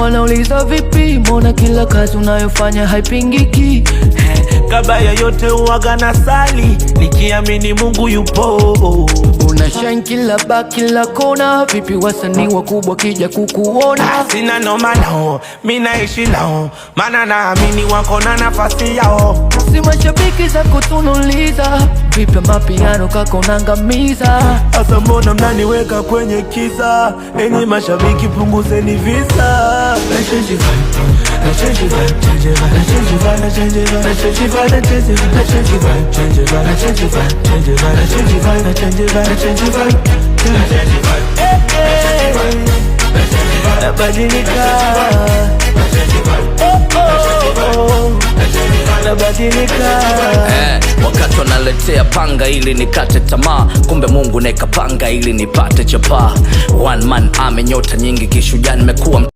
Wanauliza vipi, mbona kila kazi unayofanya haipingiki? Kabla ya yote uwaga na sali nikiamini Mungu yupo. Una shine kila ba kila kona, vipi wasanii wakubwa kija kukuona? Sina noma nao, mi naishi nao, maana naamini wako na nafasi yao, si mashabiki za kutunuliza Vipi mapiano kako nangamiza? Asa mbona mnaniweka kwenye kisa? Enyi mashabiki punguzeni visa Nabadilika yanabadilika eh, wakati wanaletea panga ili nikate tamaa, kumbe Mungu naeka panga ili nipate chapaa. One man amenyota nyingi kishujaa nimekuwa